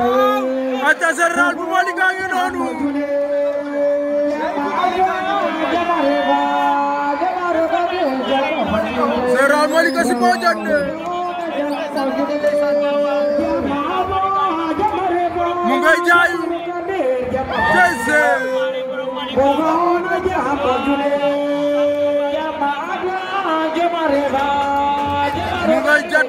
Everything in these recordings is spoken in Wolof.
aca général bu Malika ngi noonu général Malika si boo jande mu ngay jaayu kese mu ngay jat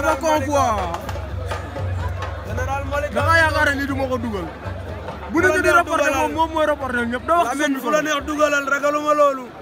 dafa con quoi da ngaa yaakaar ne lii du ko dugal. bu nit ñi di reporté moom moom mooy reporté ñëpp doo wax. seen bi fa la neex dugalal